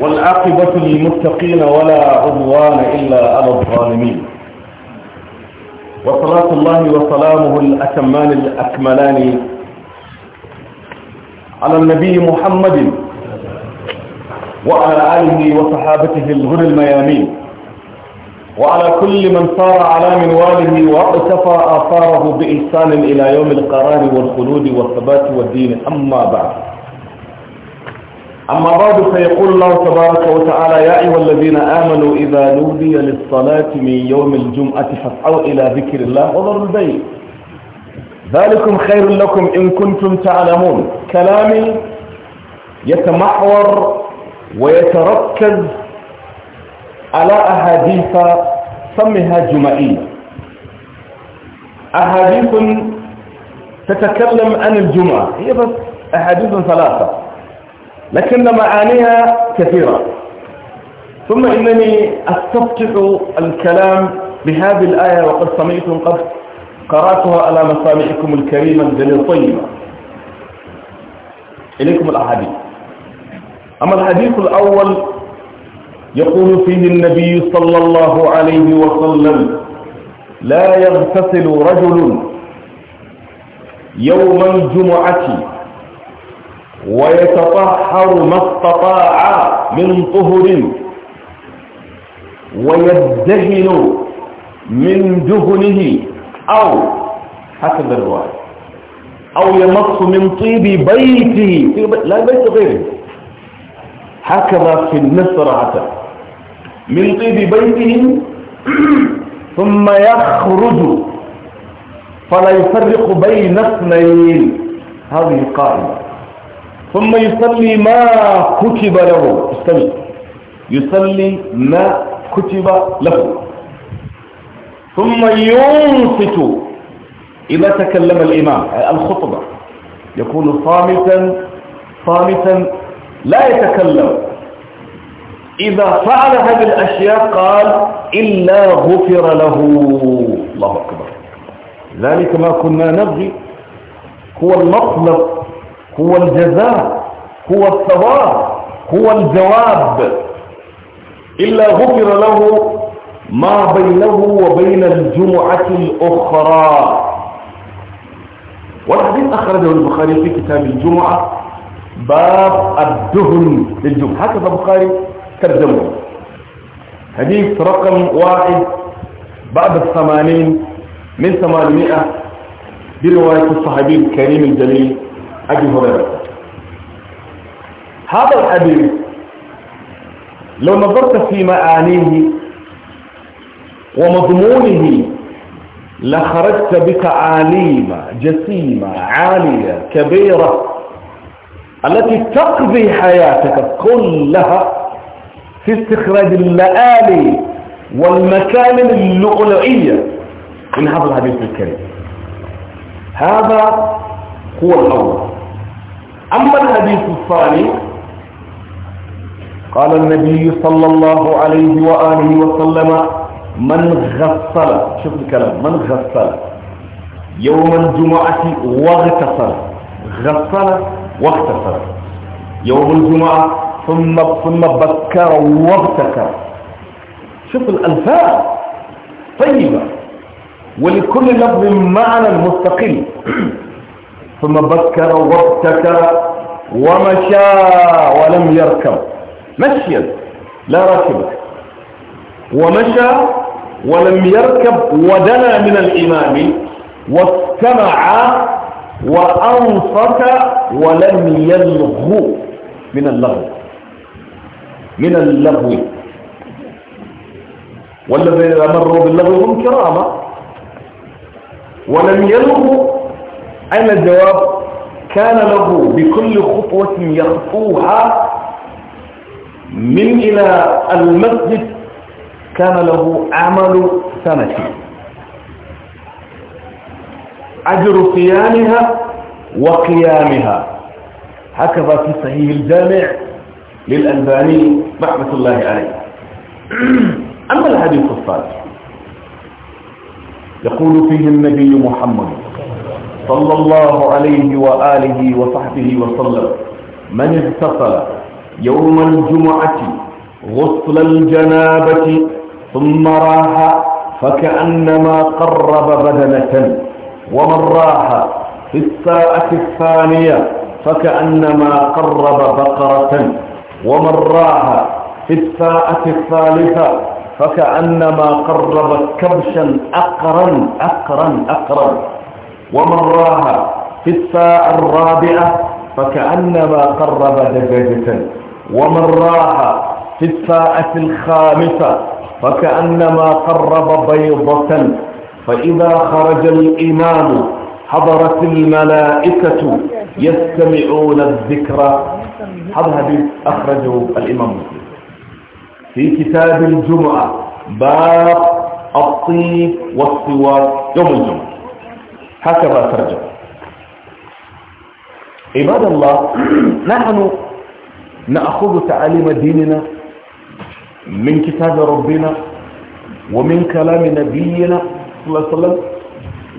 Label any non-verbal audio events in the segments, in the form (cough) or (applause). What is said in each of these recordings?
والعاقبة للمتقين ولا عدوان إلا على الظالمين وصلاة الله وسلامه الأتمان الأكملان على النبي محمد وعلى آله وصحابته الغر الميامين وعلى كل من صار على منواله واقتفى آثاره بإحسان إلى يوم القرار والخلود والثبات والدين أما بعد أما بعد فيقول الله تبارك وتعالى يا أيها الذين آمنوا إذا نودي للصلاة من يوم الجمعة فاسعوا إلى ذكر الله وذروا البيت ذلكم خير لكم إن كنتم تعلمون كلامي يتمحور ويتركز على أحاديث سمها جمعية أحاديث تتكلم عن الجمعة هي بس أحاديث ثلاثة لكن معانيها كثيرة ثم إنني أستفتح الكلام بهذه الآية وقد سمعتم قد قرأتها على مسامعكم الكريمة الجليل طيبة إليكم الأحاديث أما الحديث الأول يقول فيه النبي صلى الله عليه وسلم لا يغتسل رجل يوم الجمعة ويتطهر ما استطاع من طهر ويدهن من دهنه أو حسب الرواية أو يمص من طيب بيته طيب، لا بيت غيره هكذا في النصر النسرعة من طيب بيته (clears throat) ثم يخرج فلا يفرق بين اثنين هذه قائمة ثم يصلي ما كتب له استمع يصلي ما كتب له ثم ينصت إذا تكلم الإمام الخطبة يكون صامتا صامتا لا يتكلم إذا فعل هذه الأشياء قال إلا غفر له الله أكبر ذلك ما كنا نبغي هو المطلب هو الجزاء هو الثواب هو الجواب إلا غفر له ما بينه وبين الجمعة الأخرى والحديث أخرجه البخاري في كتاب الجمعة باب الدهن للجمعة هكذا البخاري ترجمه حديث رقم واحد بعد الثمانين من ثمانمائة برواية الصحابي الكريم الجليل أبي هريرة هذا الحديث لو نظرت في معانيه ومضمونه لخرجت بك عليمة جسيمة عالية كبيرة التي تقضي حياتك كلها في استخراج اللآلي والمكان اللؤلؤية من هذا الحديث الكريم هذا هو الأول أما الحديث الثاني قال النبي صلى الله عليه وآله وسلم من غسل شوف الكلام من غسل يوم الجمعة واغتسل غسل واغتسل يوم الجمعة ثم ثم بكر وابتكر شوف الألفاظ طيبة ولكل لفظ معنى مستقل ثم بكر وابتكر ومشى ولم يركب مشيا لا راكب ومشى ولم يركب ودنا من الإمام واستمع وأنصت ولم يلغو من اللغو من اللغو والذين مروا باللغو هم كرامة ولم يلغوا أين الجواب كان له بكل خطوة يخطوها من إلى المسجد كان له عمل سنة أجر صيامها وقيامها هكذا في صحيح الجامع للألباني رحمة الله عليه (clears throat) أما الحديث الصالح يقول فيه النبي محمد صلى الله عليه وآله وصحبه وسلم من اغتسل يوم الجمعة غسل الجنابة ثم راح فكأنما قرب بدنة ومن راح في الساعة الثانية فكأنما قرب بقرة ومن راح في الساعة الثالثة فكأنما قرب كبشا أقرا أقرا أقرا ومن راها في الساعة الرابعة فكأنما قرب دجاجة ومن راها في الساعة الخامسة فكأنما قرب بيضة فإذا خرج الإمام حضرت الملائكة يستمعون الذكر هذا حديث أخرجه الإمام مسلم في كتاب الجمعة باب الطيب والسواك يوم الجمعة هكذا ترجم عباد الله نحن نأخذ تعاليم ديننا من كتاب ربنا ومن كلام نبينا صلى الله عليه وسلم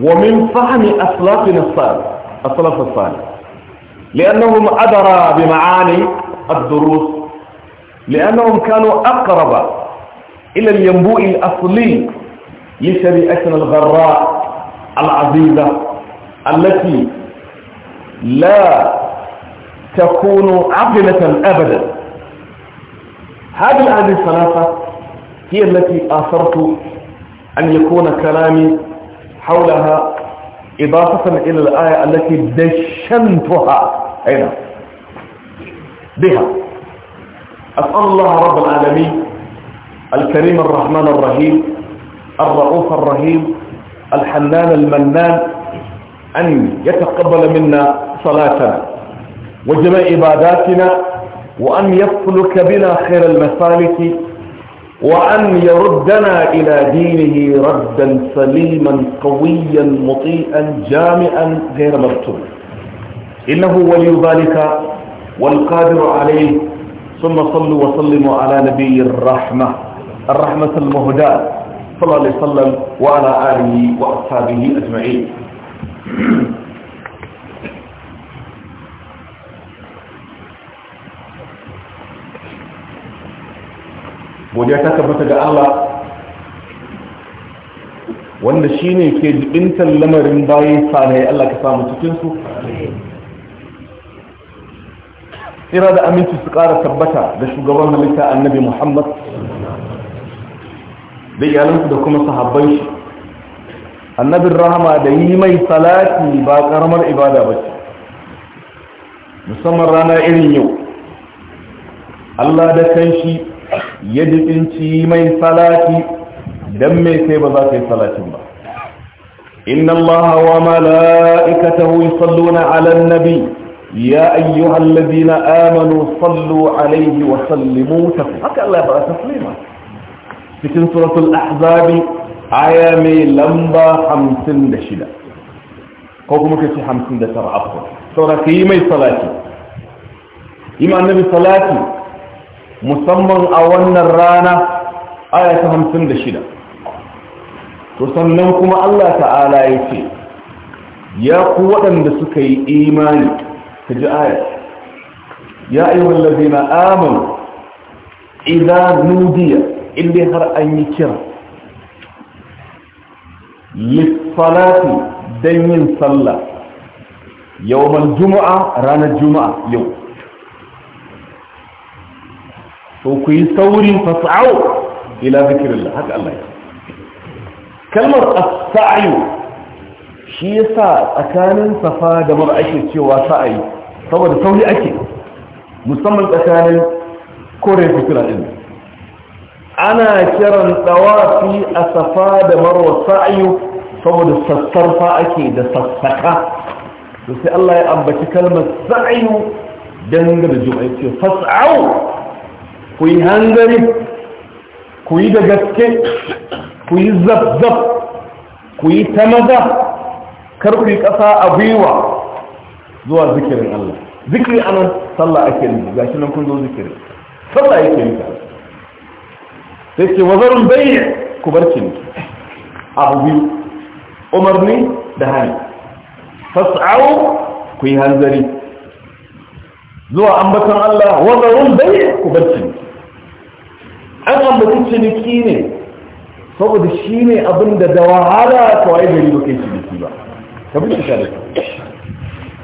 ومن فهم أسلافنا الصالح أسلاف الصالح لأنهم أدرى بمعاني الدروس لأنهم كانوا أقرب إلى الينبوء الأصلي لشريعتنا الغراء العزيزة التي لا تكون عاقلة أبدا هذه الآية الثلاثة هي التي آثرت أن يكون كلامي حولها إضافة إلى الآية التي دشنتها أين بها أسأل الله رب العالمين الكريم الرحمن الرحيم الرؤوف الرحيم الحنان المنان أن يتقبل منا صلاتنا وجمع عباداتنا وأن يسلك بنا خير المسالك وأن يردنا إلى دينه ردا سليما قويا مطيئا جامعا غير مفتوح إنه ولي ذلك والقادر عليه ثم صلوا وسلموا على نبي الرحمة الرحمة المهداة صلى الله عليه وسلم وعلى آله وأصحابه أجمعين godiya ta tabbata ga Allah wanda shi ne ke jibintar lamarin bayan sanayi Allah ka samu cikinsu tsira da aminci su ƙara tabbata da shugaban halitta annabi Muhammad da iyalansu da kuma sahabban shi annabin rahama da yi mai salati ba karamar ibada ba ce musamman rana irin yau Allah da kan shi ya jitsinci mai salati don mai sai ba za ka yi salatin ba inna Allah wa mala'ikatahu yusalluna 'alan nabi ya na amanu sallu alaihi wa sallimu taslima haka Allah ya fara taslima cikin suratul ahzabi aya mai lamba hamsin da shida ko kuma ka ce hamsin da tara afwa saura ka yi mai salati yi ma annabi salati musamman a wannan rana aya ta hamsin da shida to sannan kuma allah ta'ala ya ce ya ku waɗanda suka yi imani ka ji aya ya ayyuhallazina amanu idza nudiya in dai har an yi kira lissalati don yin sallah yawon juma'a ranar juma'a yau to ku yi saurin fasa'au ila zikirillah haka Allah ya kalmar as shi shi yasa tsakanin safa da mar'a ake cewa sa'ayi saboda sauri ake musamman tsakanin kore fitila din ana kiran dawafi a safa da marwa sa'ayu saboda sassarfa ake da sassaka to sai Allah ya ambaci kalmar sa'ayu dangane da juma'a ce fas'au ku yi hangari ku yi da gaske ku yi zabzab ku yi ta maza yi ƙasa a gwiwa zuwa zikirin Allah zikiri anan sallah ake yi gashi nan kun zo zikirin sallah yake yi sai ce wazarun bai ku bar ciniki abu biyu umarni da hali fas'au ku yi hanzari zuwa ambaton Allah wazarun bai ku bar ciniki an ambaci ciniki ne saboda shi ne abinda da wahala kawai gari ba kai ciniki ba ka bi shi shari'a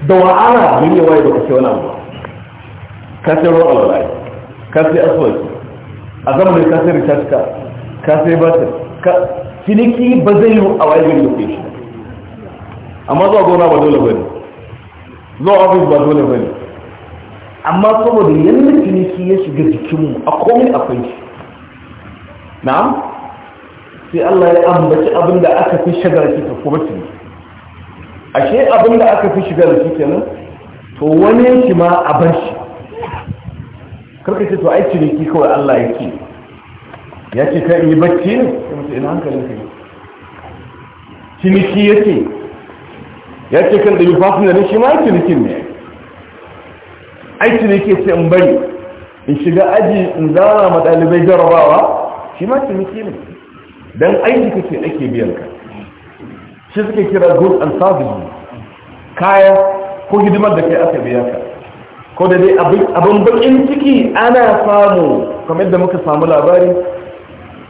da wa'ana gari waye ba ka ce wani abu ka ce ruwan alwalai ka ce aswaki a zama da kasai ba kasai batir Finiki ba zai yi a wajen gari da shi amma zuwa gona ba dole ba ne, zuwa ofis ba dole ne amma saboda yanzu finiki ya shiga jikinmu a komai akwai shi na'am sai Allah ya ambaci abin da aka fi shagar shi ta kuma ciniki ashe abin da aka fi shigar shi kenan to wani shi ma a bar shi karka ce to ai ciniki kawai Allah yake ya ce ka yi bacci ne sai mace ina hankalin ka ciniki yake ya ce kan ɗabi fasin da shi ma cinikin ne ai ciniki sai in bari in shiga aji in zama ma ɗalibai jarabawa shi ma ciniki ne don aiki kake ake biyan ka shi suke kira goods and services kaya ko hidimar da kai aka biya ka ko da dai abin bakin ciki ana samu kamar yadda muka samu labari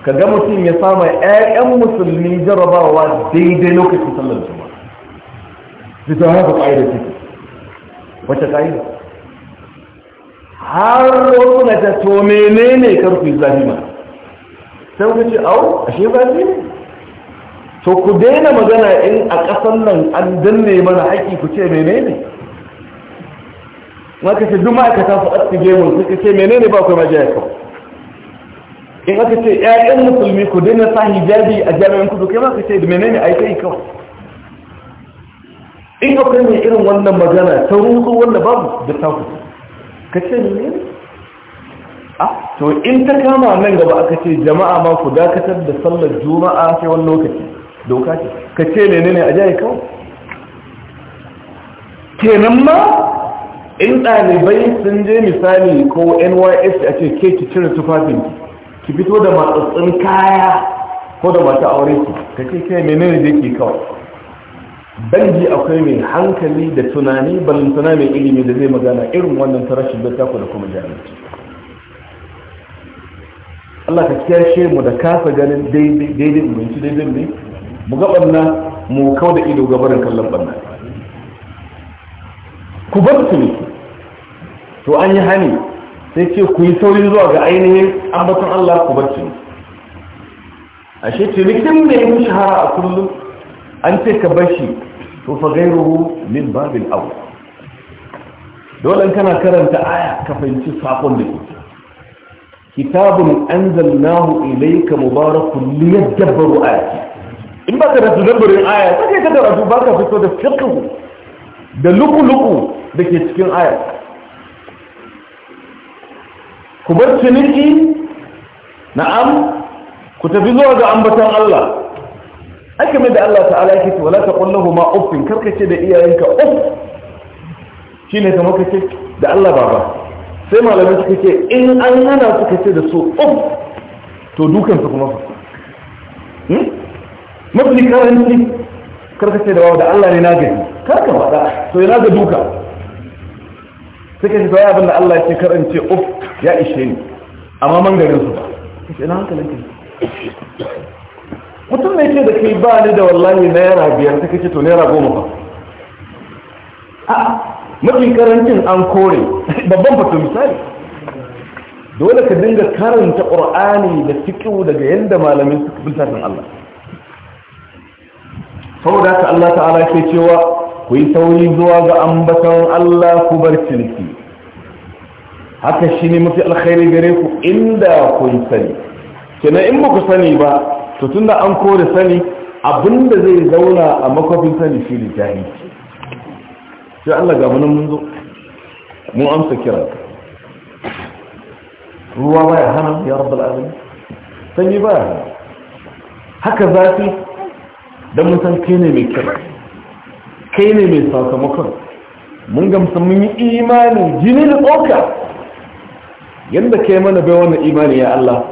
ka ga mutum ya sama 'ya'yan musulmi jarabawa daidai lokacin sallar juma'a su ta haka ƙa'ida ciki wacce ƙa'ida har wasu na ta to menene karfi zahima sai ce au ashe ba ne to ku daina magana in a ƙasar nan an danne mana haƙƙi ku ce menene ne maka ce duk ma'aikata su aski mun suka ce menene ba ma jaya kau in aka ce ƴaƴan musulmi ku daina sa hijabi a jami'an kudu kai ma ka ce menene ai kai kau in ka kai irin wannan magana ta rusu wanda babu da ku ka ce ne? A to in ta kama nan gaba aka ce jama'a ma ku dakatar da sallar juma'a sai wani lokaci doka ce ka ce menene a jaya kau kenan ma in ɗalibai sun je misali ko nysc a ce ke ki cire tufafin ki fito da matsatsin kaya ko da mata aure ki ka ce kai menene da ke kawai dangi akwai mai hankali da tunani balantana mai ilimi da zai magana irin wannan ta rashin da taku da kuma jami'ai Allah ka kyashe mu da kasa ganin daidai ubinci daidai ne mu ga ɓanna mu kau da ido gabarin kallon ɓanna ku bar su ne to an yi hani sai ce ku yi sauri zuwa ga ainihin ambaton Allah ku barci ashe ce likin da yi shahara a kullum an ce ka bashi to fa gairuhu min babin abu. dole kana karanta aya ka fahimci sakon da ke kitabun anzalnahu ilayka mubarakun liyadabbaru ayati in ba ka da tadabburin aya ke ta da rasu, ba ka fito da fiqh da luku-luku da ke cikin aya ku bar ciniki na'am ku tafi zuwa ga ambaton Allah ake mai da Allah ta'ala yake ce wala taqul lahu ma uffin ce da iyayenka uff shine kamar kace da Allah baba sai malamin suka ce in an hana suka ce da su uff to dukan su kuma fa hmm? mafi karanci ce da bawa da Allah ne na karka wada to yana ga duka suka ce sai abin da Allah ya ce karance uff ya ishe ni amma man garin su ba kace na hankalin ka mutum ne ce da kai ba ni da wallahi naira biyar ta kace to naira goma ba a mafi karancin an kore babban fata misali dole ka dinga karanta Al-Qur'ani da fiƙiwu daga yadda malamin suka bin tafin Allah saboda haka Allah ta'ala ke cewa ku yi sauri zuwa ga ambaton Allah ku bar ciniki haka shi ne mafi alkhairi gare ku inda kun sani kenan in ba ku sani ba to tunda an kore sani abinda zai zauna a makwafin sani shi ne jahi sai Allah ga munan mun zo mu amsa kira ruwa ba ya hana ya rabbal alamin sanyi ba haka zafi dan mun san kai ne mai kira kai ne mai sakamakon mun gamsa mun yi imanin jini da tsoka yanda ke mana bai wannan imani ya Allah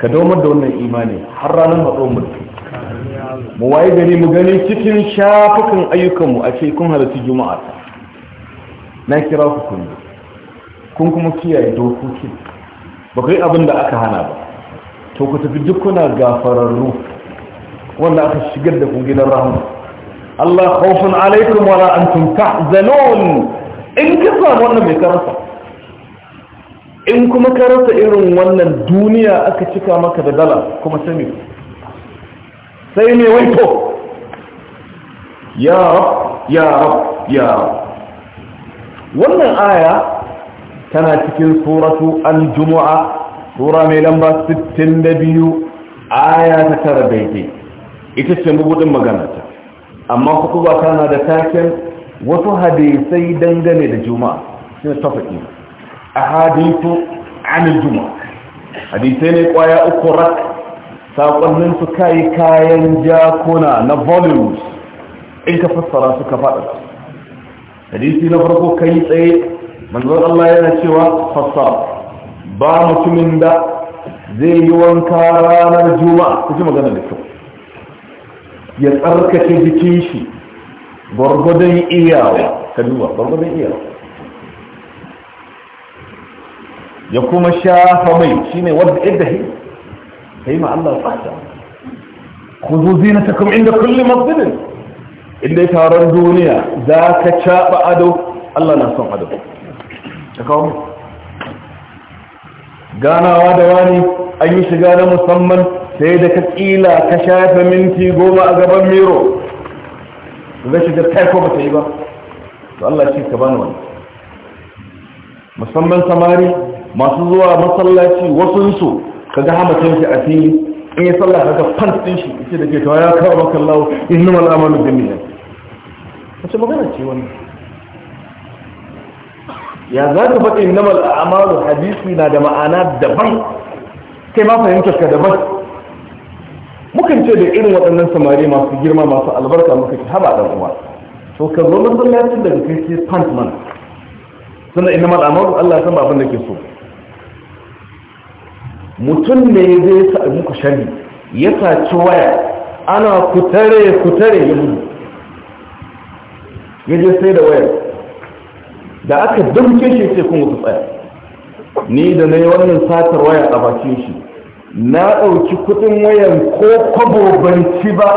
ka domar da wannan imani har ranar matsayin mulki mu waye gani mu gani cikin shafukan ayyukanmu a ce kun halarci juma'a ta na kira ku kun kun kuma kiyaye dokokin? ba kai abin da aka hana ba to ku tafi dukkuna gafararru wanda aka shigar da ku gidan rahama Allah khawfun alaikum wala antum tahzanun in kisa wannan mai karasa in kuma ka rasa irin wannan duniya aka cika maka da dala kuma sami sai wai waito ya rab ya rab ya rab wannan aya tana cikin suratu al-jumu'a sura mai lamba 62 aya ta tara daidai ita ce mabudin maganata amma kutuba tana da taken wasu hadisai dangane da juma'a shi ne ahadithu anil juma hadisai ne kwaya uku rak sakonnin su kai kayan jakuna na volumes in ka fassara su ka faɗa hadisi na farko kai tsaye manzon Allah yana cewa fassara ba mutumin da zai yi wanka ranar juma ku ji magana da kyau ya tsarkake jikin shi gwargwadon iyawa ka duba gwargwadon iyawa ya kuma shafa mai shine wadda iddahi sai ma Allah fata ta kuma inda kulli masjid inda ya taron duniya za ka caba ado Allah na son ado ta kawo ganawa da wani an yi shiga na musamman sai da ka kila ka shafa minti goma a gaban miro zai shiga kai ko ba ta yi ba to Allah shi ka bani wani musamman samari masu zuwa masallaci su ka ga hamatan shi a fili in ya sallah ka ga fantin shi ita da ke tawa ya kawo maka lawo in numa al'amalu da miyan wace magana ce wani ya za ka faɗi in numa al'amalu hadisi na da ma'ana daban kai ma fahimtar ka daban mukan ce da irin waɗannan samari masu girma masu albarka muka ci haɓa ɗan uwa to ka zo masallacin daga kai sai pant man sannan inna mal'amalu Allah ya san abin da ke so mutum ne zai sa muku shari ya saci waya ana kutare kutare ya gudu ya je sai da wayar da aka damke shi sai kuma mutu tsaya ni da na yi wannan satar waya a bakin shi na ɗauki kuɗin wayan ko kwabo ban ba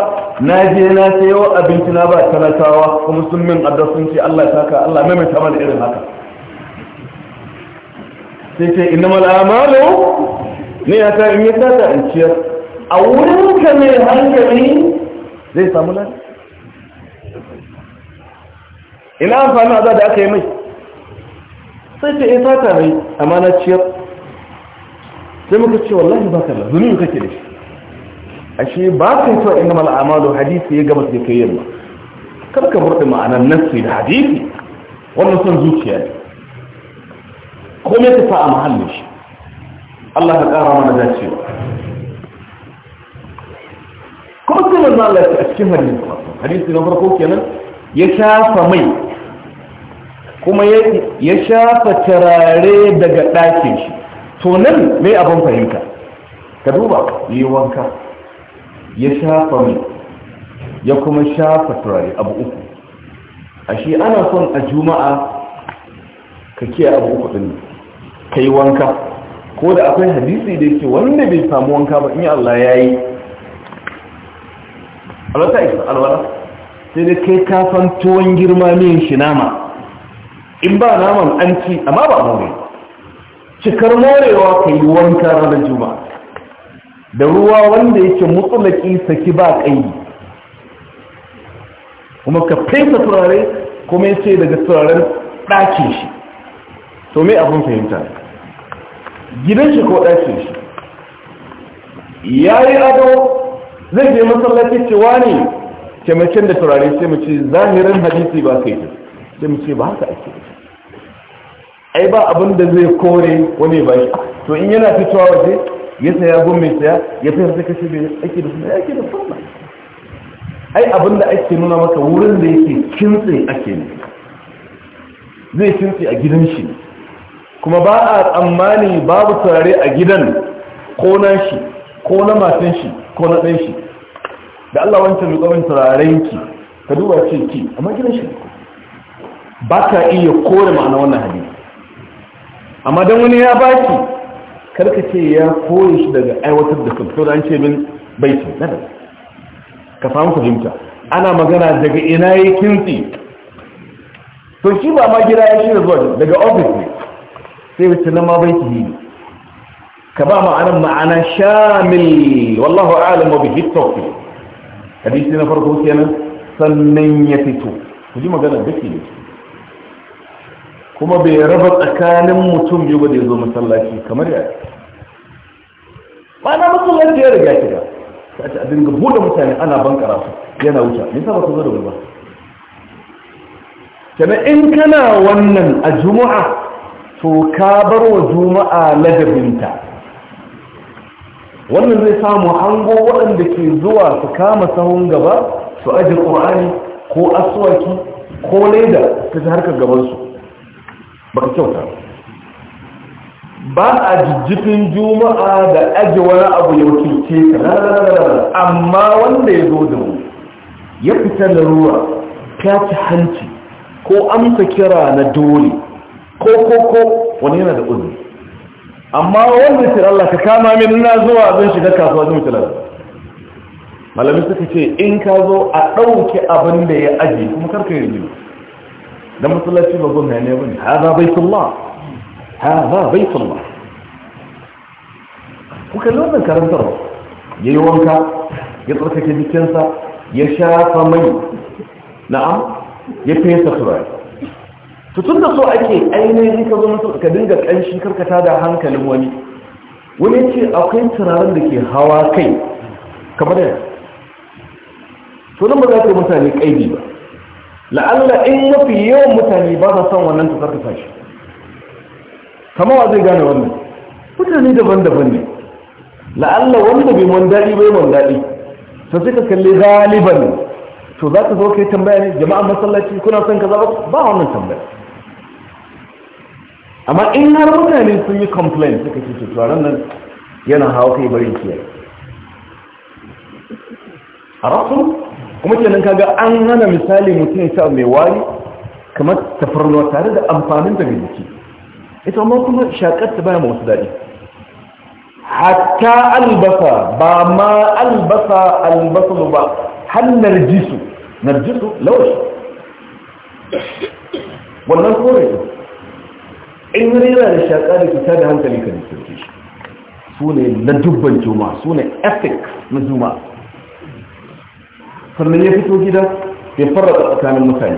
na je na sayo abinci na ba talatawa, kuma sun min adda ce Allah ya saka Allah mai mai mana irin haka sai ce inna mal'amalu ne ya ta in yi sata in ciyar a wurin ka mai hankali zai samu nan ina amfani a da aka yi mai sai ce in sata mai amma na ciyar sai muka ce wallahi ba kalla zunubi kake da shi ashe ba ka yi cewa inda mal'amalu hadisi ya gabata da kai yamma kar ka burɗi ma'anar nassi da hadisi wannan son zuciya ne komai ta fa a mahallin shi Allah ka ƙara mana dacewa kuma sai manzo Allah ya a cikin hadisi hadisi na farko kenan ya shafa mai kuma ya shafa turare daga ɗakin shi to nan mai abin fahimta ka duba yi wanka ya shafa mai ya kuma shafa turare abu uku a shi ana son a juma'a ka kiyaye abu uku ɗin ka yi wanka ko da akwai hadisi da yake wanda bai samu wanka ba in yi Allah ya yi alwata isa alwata sai da kai kafan tuwon girma miyan shi nama in ba naman an ci amma ba more cikar morewa ka yi wanka ranar juma'a da ruwa wanda yake mutsulaki saki ba kai kuma ka fesa turare kuma ya ce daga turaren ɗakin shi to mai abin fahimta gidan shi ko ɗakin shi ya yi ado zai je masallaci cewa ne kemacin da turare sai mu ce zahirin hadisi ba kai sai mu ce ba haka ake ai ba abin da zai kore wani ba shi to in yana fitowa waje ya saya gun mai saya ya fi sai shi bai ake da suna ake da fama ai abin da ake nuna maka wurin da yake kintse ake ne zai kintse a gidan shi ne kuma ba a tsammani babu turare a gidan ko na shi ko na matan shi ko na ɗan shi da Allah wancan lukamin turaren ki ka duba ce ki amma gidan shi ba ka iya kore ma'ana wannan hadisi amma don wani ya baki karka ce ya kore shi daga aiwatar da kan da an ce min baitin na da ka samu fahimta ana magana daga ina ya kintsi to shi ba ma gida ya shirya zuwa daga ofis ne sai wace ma bai ta yi ka ba ma'anar ma'ana shamil wallahu alam wa bihi tawfi hadisi na farko kenan sannan ya fito ku ji magana da ke kuma bai raba tsakanin mutum biyu ba da ya zo masallaci kamar ya ba na da ya riga shiga ta ce a dinga buɗe mutane ana bankara su yana wuce sa ba su zo da wuri ba kenan in kana wannan a juma'a so ka bar wa juma'a ladabinta wannan zai samu hango waɗanda ke zuwa su kama sahun gaba su aji ƙur'ani ko aswaki ko leda ta ci harkar gabansu ba ka kyauta ba a jijjifin juma'a da aji wani abu ya wakilce amma wanda ya zo da mu ya fita ruwa, ta ci hanci ko amsa kira na dole ko ko ko wani yana da uzuri amma wanda ce Allah ka kama min na zuwa zan shiga kasuwa zan mutu lafiya malamin suka ce in ka zo a ɗauke abin da ya aji kuma karka yi rigima dan masallaci ba gwamna ne bane haza baitullah haza baitullah ku kalli wannan karantar ya yi wanka ya tsarkake jikinsa ya shafa mai na'am ya fesa turai. to tun da so ake ainihin ka zo mutu ka dinga ƙanshi karkata da hankalin wani wani ce akwai turaren da ke hawa kai kamar da to nan ba za ka yi mutane ƙa'ibi ba la'alla in mafi yawan mutane ba sa son wannan tukar ka sashi kama wa zai gane wannan mutane daban-daban ne la'alla wanda bai man daɗi bai man daɗi sai sai ka kalli galiban to za ka zo ka tambaya ne jama'a masallaci kuna son kaza ba wannan tambaya amma in har mutane sun yi complain suka ce turaren nan yana hawa kai barin kiyaye a rasu kuma nan kaga an hana misali mutum ya sa mai wari kamar tafarnuwa tare da amfanin da daga jiki ita amma kuma shakar ta baya wasu daɗi hatta albasa ba ma albasa albasa ba har narjisu narjisu lawashi wannan kore in yana da shaƙa da kisa da hankali ka nisarki shi su ne na dubban juma su ne ethic na juma sannan ya fito gida ya farrata tsakanin mutane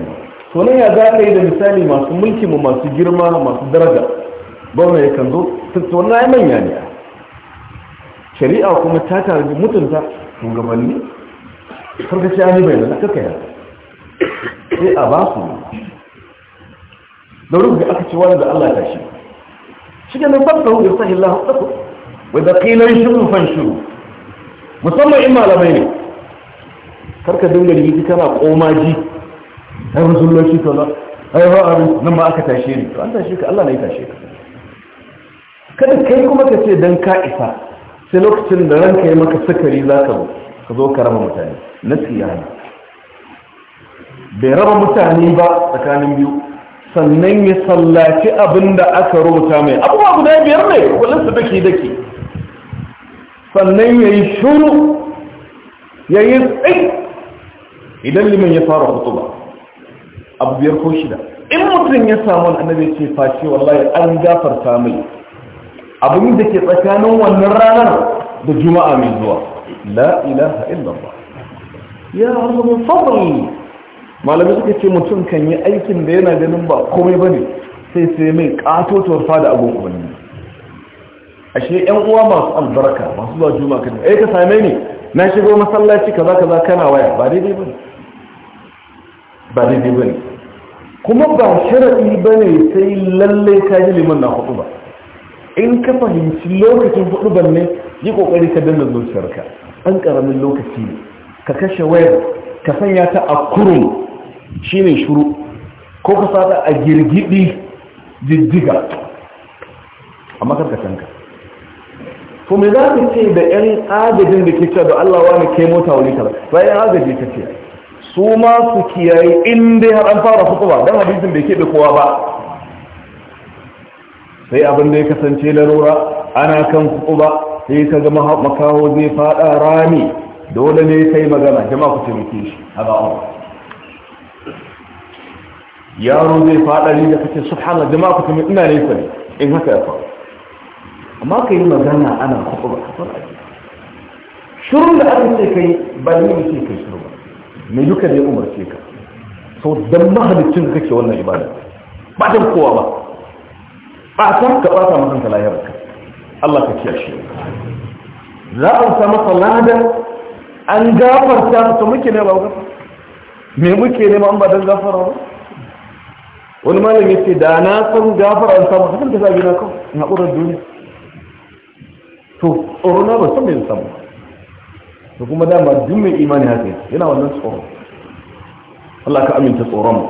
so na ya za ka yi da misali masu mulki mu masu girma masu daraja Bauna ya kan zo tattauna manya ne shari'a kuma ta tare mutunta shugabanni karkashi ani bai da kakaya sai a ba su da rubu aka ce wani da Allah ta shi shi nan fasa hu yasahi Allah tsaku wa da qilan shuru musamman in malamai ne karka dinga yi kana komaji ai musulunci to la ai ba abu nan ba aka tashe ni to an ka Allah ka kada kai kuma ka ce dan ka isa sai lokacin da ranka yi maka sukari za ka ka zo ka raba mutane na tsiyana bai raba mutane ba tsakanin biyu sannan ya sallaci abin da aka rubuta mai abubuwa guda biyar ne kulinsu dake dake sannan ya yi shuru ya yi tsaye idan liman ya fara ba, abu biyar ko shida in mutum ya samu annabi ce fashe wallahi an gafarta mai abin da ke tsakanin wannan ranar da juma'a mai zuwa la ilaha illallah ya azumin fadl malamai suka ce mutum kan yi aikin da yana ganin ba komai ba ne sai sai mai katotuwar fada abin ubanni ashe yan uwa masu albarka masu zuwa juma kan yi eh, ka same ni na shigo masallaci kaza kaza kana waya ba daidai ba ba daidai ba ne kuma ba sharaɗi ba ne sai lalle ka ji liman na hudu ba in ka fahimci lokacin hudu ban ne yi ƙoƙari ka danna zuciyarka an karamin lokaci ne ka kashe wayar ka sanya ta a kurum Shi ne shuru ko ka sata a girgidi jijjiga a makarkatanka to me za ka ce da yan agajin da ke cewa da Allah wani kai mota wani kaza bayan agaji ka ce su ma su kiyaye in dai har an fara fitowa don hadisin bai keɓe kowa ba sai abin da ya kasance larura ana kan ba sai ka zama makaho zai faɗa rami dole ne kai magana jama ku muke shi a ba'awa yaro zai faɗari da kake subhanallah jama'a ku kuma ina nesa ne in haka ya faru amma ka yi magana ana kuɓa ba kafar aji shirin da aka ce kai ba ni ce kai shiru ba mai duka da ya umarce ka sau don mahalicin kake wannan ibada ba ta kowa ba ba a san ka ɓata makanta lahiyar ka Allah ka kiyar shi za a sa masa ladan an gafarta ta muke ne ba gafa me muke ne ma an ba don gafara ba wani malam ya ce da na san gafara an samu hakan ta zabi na kawo na ƙurar duniya to tsoro na ba san mai samu to kuma dama duk mai imani haka yana wannan tsoro Allah ka aminta tsoron mu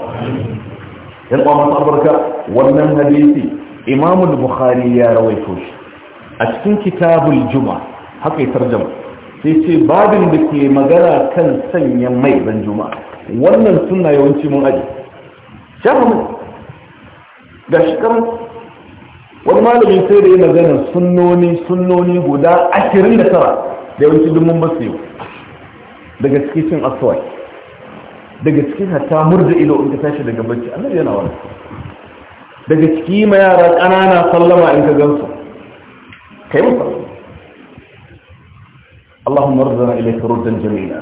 yan uwa masu albarka wannan hadisi imamu bukhari ya rawaito shi a cikin kitabul juma haka ya tarjama sai ce babin da ke magana kan sanya mai ban Juma. wannan suna yawanci mun aji shafa mai ga shi kan wani malami sai da yi magana sunnoni sunnoni guda ashirin da tara da yawanci dumin basu yau daga cikin cin aswai daga cikin hatta murda ilo in ka tashi daga bacci annabi yana wani daga ciki ma yara ƙanana sallama in ka gansu kai musamman اللهم ردنا إليك ردا جميلا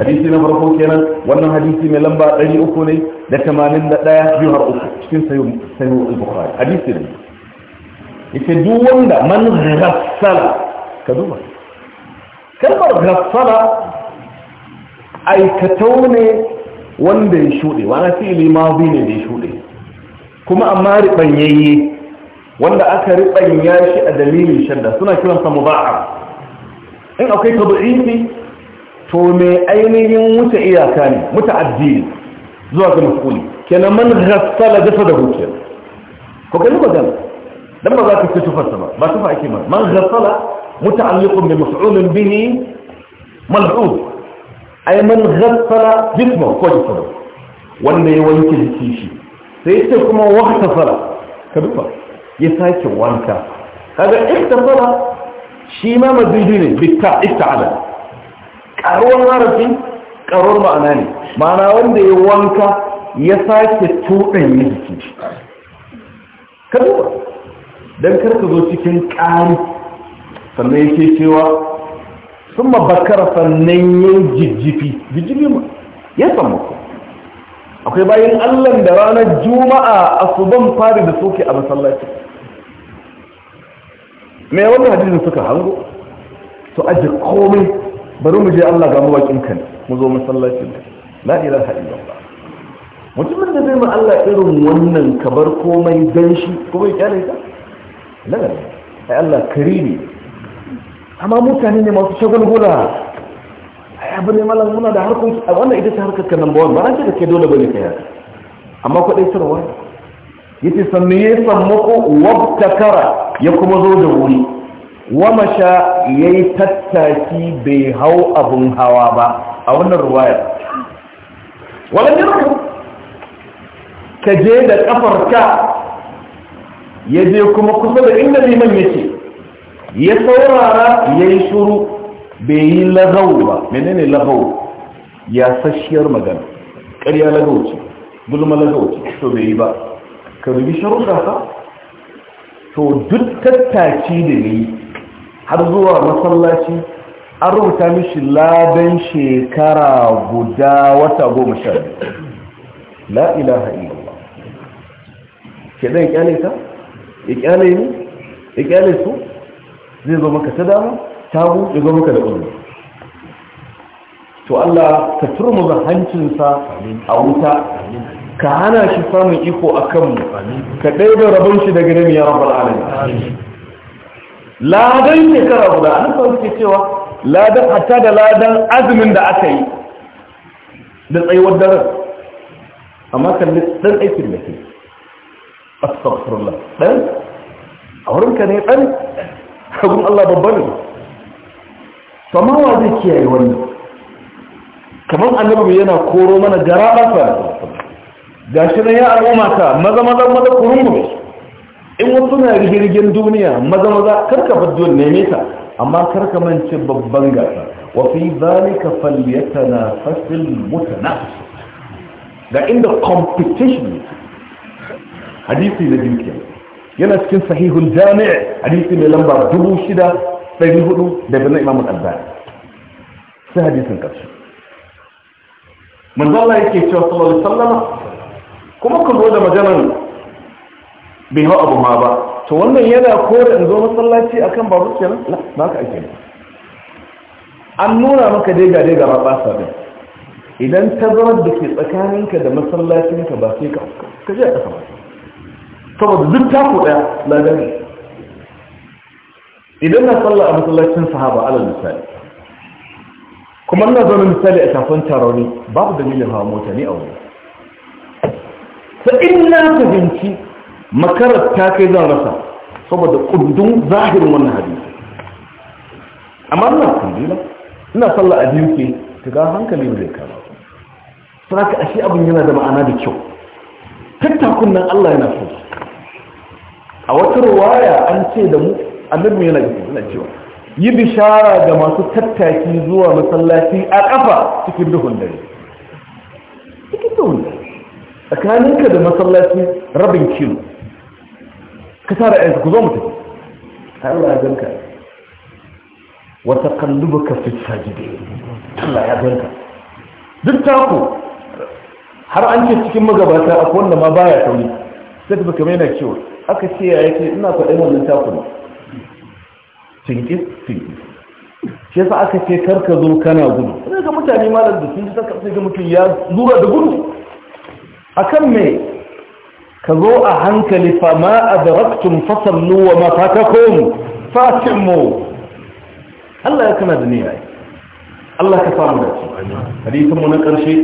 حديثنا فرقو كينا وانا حديثي من لمبا أجي أكوني لتمانين لا يهر أكو شكين سيو البخاري حديثنا يتدو وانا من غسل كدوما كلمة غسل أي كتوني وانا يشودي وانا فيلي ماضي ne da ya shuɗe kuma amma riɓanyayye wanda aka riɓanya shi a dalilin shadda suna kiransa mubaa'a in akwai tabi'ifi to mai ainihin wuce iyaka ne muta'addi zuwa ga mafuli kenan man ghassala da kenan ko kai magana dan ba za ka ci tufarsa sama. ba tufa ake ma man ghassala muta'alliqun bi maf'ulin bihi mal'ud ay man ghassala jismahu ko jismahu wanda ya wanke jiki shi sai ce kuma waqtafala ka duba ya sake wanka kaga iktafala shi ma mazidi ne bitta ista'ala karuwar harafi karuwar ma'ana ne ma'ana wanda ya wanka ya sake tuɗan ya jiki karuwa don karka zo cikin ƙari sannan ya ke cewa sun mabakar sannan yin jijjifi jijjifi ma ya samu akwai bayan allon da ranar juma'a a suban fari da soke a masallaci me wannan hadisin suka hango su aje komai bari mu je Allah ga mawakin kan mu zo masallacin la ilaha illallah mutumin da zai ma Allah irin wannan kabar komai dan shi ko ya kyale ka lagar ai Allah karimi amma mutane ne masu shagulgula ai abu ne malam muna da harkoki wannan ita ta harkar ka number 1 ba an ce da ke dole bane kai haka amma kwadai sarwa yace sannu ya sammuku wabtakara ya kuma zo da wuri wa masha yayi tattaki bai hau abun hawa ba a wannan ruwaya wala jirku ka je da kafarka ya je kuma kusa da inda liman yake ya saurara yayi shuru bai yi lagau ba menene lagau ya sashiyar magana ƙarya lagau ce gulma lagau ce to bai yi ba ka rubi sharuɗa to duk tattaki da ni har zuwa masallaci an rubuta mishi ladan shekara guda wata goma sha la ilaha illallah ke zai kyale ta? ya kyale ni? ya kyale su? zai zo maka ta dama? tagu ya zo maka da ƙulmi to Allah ka turmuza hancinsa a wuta ka hana shi samun iko a kanmu ka ɗai ɗaiɗa rabon shi daga nemi ya rabar alamin ladan shekara guda an san suke cewa ladan hatta da ladan azumin da aka yi da tsayuwar daren amma kalli ɗan aikin da ke astagfirullah ɗan a wurin ka ne ɗan hagun Allah babba ne samawa zai kiyaye wannan kamar annabi yana koro mana gara ba ga shi na ya al'umma ta maza maza maza kurungume in wasu na rigirgin duniya maza maza karka fadduwar neme ta amma karka mance babban gasa wafi zalika falliyata na fasil mutana ga inda competition hadisi da dukiya yana cikin sahihul jami'a hadisi mai lamba 6,400 daga na imamun albani sai hadisin ƙarshe manzala yake cewa sallallahu alaihi kuma ku zo da maganan bai hau abu ma ba to wannan yana kore in zo masallaci akan babu kenan ba ka ake an nuna maka daiga daiga ma ba sa din idan zama da ke tsakaninka da masallacinka ba sai ka je a ƙasa ba saboda duk ta ku ɗaya na gani idan na salla a masallacin sahaba ala misali kuma na zaune misali a kafin taroni babu dalilin hawa mota ne a wani fa in na fahimci makarar ta kai zan rasa saboda kundin zahirin wannan hadisi amma ina kundila ina sallah a biyu ke ta ga hankali zai kama Sa ka ashe abin yana da ma'ana da kyau tattakun nan allah yana so a wata ruwaya an ce da mu annabi yana yana cewa yi bishara ga masu tattaki zuwa masallaci a kafa cikin duhun dare cikin duhun dare tsakaninka da masallaci rabin kilo ka tara yanzu ku zo mu tafi Allah ya ganka wata ka fi sajide Allah ya ganka duk taku. har an ce cikin magabata akwai wanda ma baya sauri sai ka kamar yana cewa aka ce ya yake ina faɗin wannan taku ne cinkis cinkis shi yasa aka ce karka zo kana gudu sai ga mutane malar da sun ji sai ga mutum ya zura da gudu akan me ka zo a hankali fa ma adraktum fasallu wa ma fatakum fatimu Allah ya kana da niyya Allah ka samu da shi hadisin mu na karshe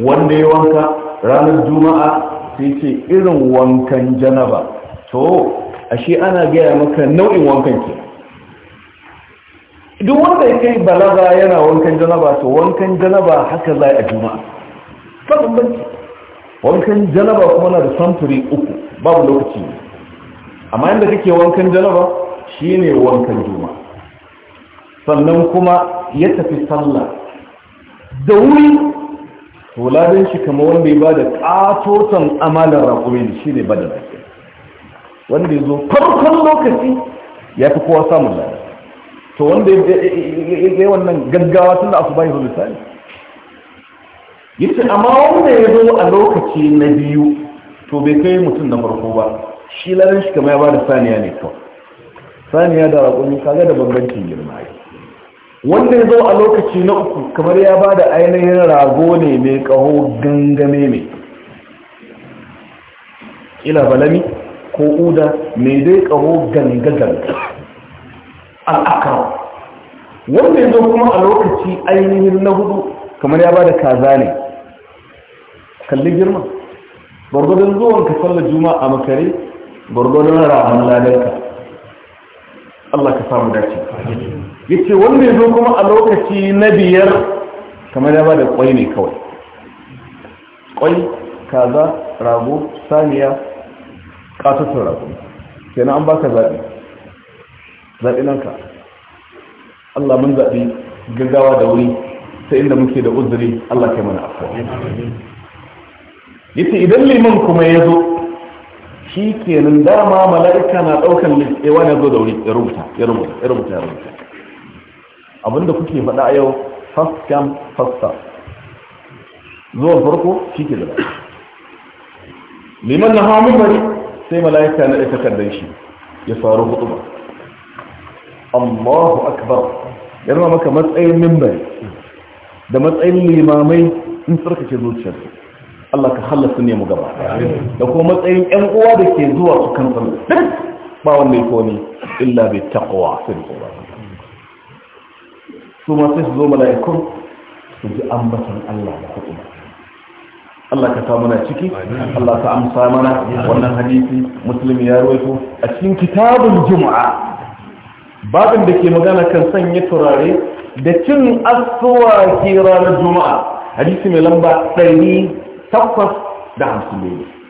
wanda ya wanka ranar juma'a sai ce irin wankan janaba to ashe ana gaya maka nau'in wankan ke duk wanda ya kai balaga yana wankan janaba to wankan janaba haka za a juma'a Ta banki wankan janaba kuma na da samfuri uku babu lokaci ne amma yadda kake wankan janaba shi ne wankan juma sannan kuma ya tafi sallah da wuri tuladin shi kama wanda ya ba da ƙatoton amalar raƙumi shi ne ba da lafiya wanda ya zo farkon lokaci ya fi kowa samun lafiya to wanda ya yi wannan gaggawa tun da asuba yi misali yace amma wanda ya zo a lokaci na biyu to bai kai mutum na farko ba shi laran shi kamar ya ba da saniya ne to saniya da raƙumi kaga da bambancin girma wanda ya zo a lokaci na uku kamar ya ba da ainihin rago ne mai kaho gangame ne ila balami ko uda mai dai kaho gangagan al'akawa wanda ya zo kuma a lokaci ainihin na hudu kamar ya ba da kaza ne kalli girma gwargwadon zuwan ka juma'a a makare gwargwadon na ladarka Allah ka samu dace ya ce wanda ya kuma a lokaci na biyar kamar ya ba da kwai ne kawai kwai kaza rago saniya katattun rago na an baka zaɓi zaɓi nan ka Allah mun zaɓi gaggawa da wuri sai inda muke da uzuri Allah kai mana afuwa yace idan liman kuma ya zo shi kenan dama mala'ika na ɗaukan eh, wani ya zo da wuri ya rubuta ya rubuta ya rubuta abinda kuke faɗa a yau first come first serve zuwan farko shi ke da liman na hamun bari sai mala'ika na ɗaya takardar shi ya faru hudu ba allahu akbar yana maka matsayin mimbari da matsayin limamai in tsarkake zuciyarsu Allah ka halasta ne mu gaba da kuma matsayin ƴan uwa da ke zuwa su kan tsaro ba wanda ya koni illa bi taqwa sai ko ba su ma sai su zo mala'ikun su ji ambatan Allah da kuma Allah ka ta mana ciki Allah ka amsa mana wannan hadisi musulmi ya rawaito a cikin kitabul jumu'a babin da ke magana kan sanya turare da cin asuwa ke ranar juma'a hadisi mai lamba takwas da hamsin daidai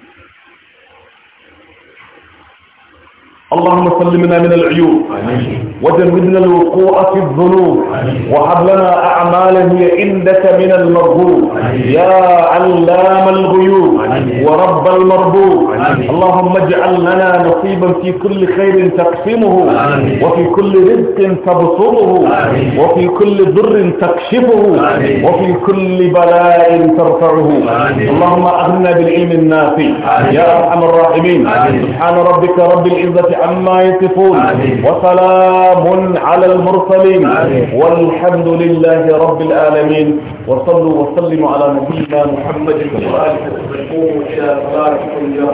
اللهم سلمنا من العيوب وجنبنا الوقوع في الذنوب وهب لنا اعمالا هي عندك من المرغوب يا علام الغيوب ورب المربوب اللهم اجعل لنا نصيبا في كل خير تقسمه وفي كل رزق تبصره وفي كل ضر تكشفه وفي كل بلاء ترفعه اللهم اغنى بالعلم النافع يا ارحم الراحمين سبحان ربك رب العزه عما يصفون وسلام على المرسلين والحمد لله رب العالمين وصلوا وسلموا على نبينا محمد وعلى اله وصحبه وسلم